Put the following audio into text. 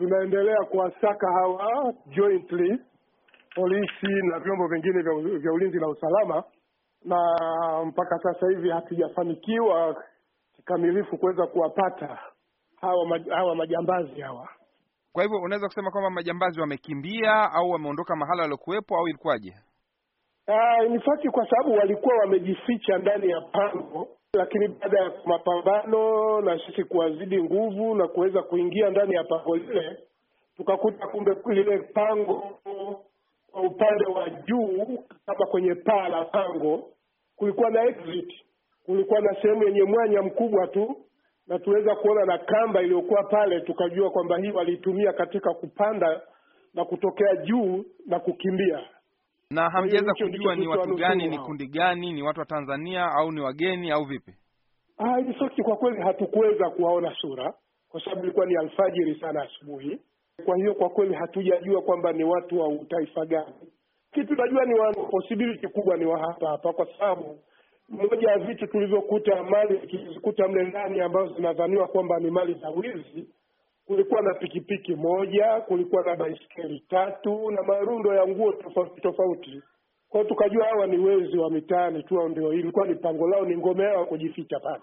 tunaendelea kuwasaka hawa jointly polisi na vyombo vingine vya, vya ulinzi na usalama, na mpaka sasa hivi hatujafanikiwa kikamilifu kuweza kuwapata hawa, maj, hawa majambazi hawa. Kwa hivyo unaweza kusema kwamba majambazi wamekimbia au wameondoka mahala waliokuwepo au ilikuwaje? Uh, kwa sababu walikuwa wamejificha ndani ya pango, lakini baada ya mapambano na sisi kuwazidi nguvu na kuweza kuingia ndani ya pango lile, tukakuta kumbe lile pango kwa upande wa juu, kama kwenye paa la pango kulikuwa na exit, kulikuwa na sehemu yenye mwanya mkubwa tu, na tuweza kuona na kamba iliyokuwa pale, tukajua kwamba hii walitumia katika kupanda na kutokea juu na kukimbia na hamjaweza kujua ni watu gani, ni kundi gani, ni watu wa Tanzania au ni wageni au vipi? Ah, hivi kwa kweli hatukuweza kuwaona sura kwa sababu ilikuwa ni alfajiri sana asubuhi. Kwa hiyo kwa kweli hatujajua kwamba ni watu wa utaifa gani. Kitu najua ni wa possibility kubwa ni wa hapa hapa, kwa sababu moja ya vitu tulivyokuta mali tulizikuta mle ndani ambazo zinadhaniwa kwamba ni mali za wizi kulikuwa na pikipiki moja, kulikuwa na baiskeli tatu na marundo ya nguo tofauti tofauti. Kwa hiyo tukajua hawa ni wezi wa mitaani tu, ndio ilikuwa ni pango lao, ni ngome yao kujificha pale.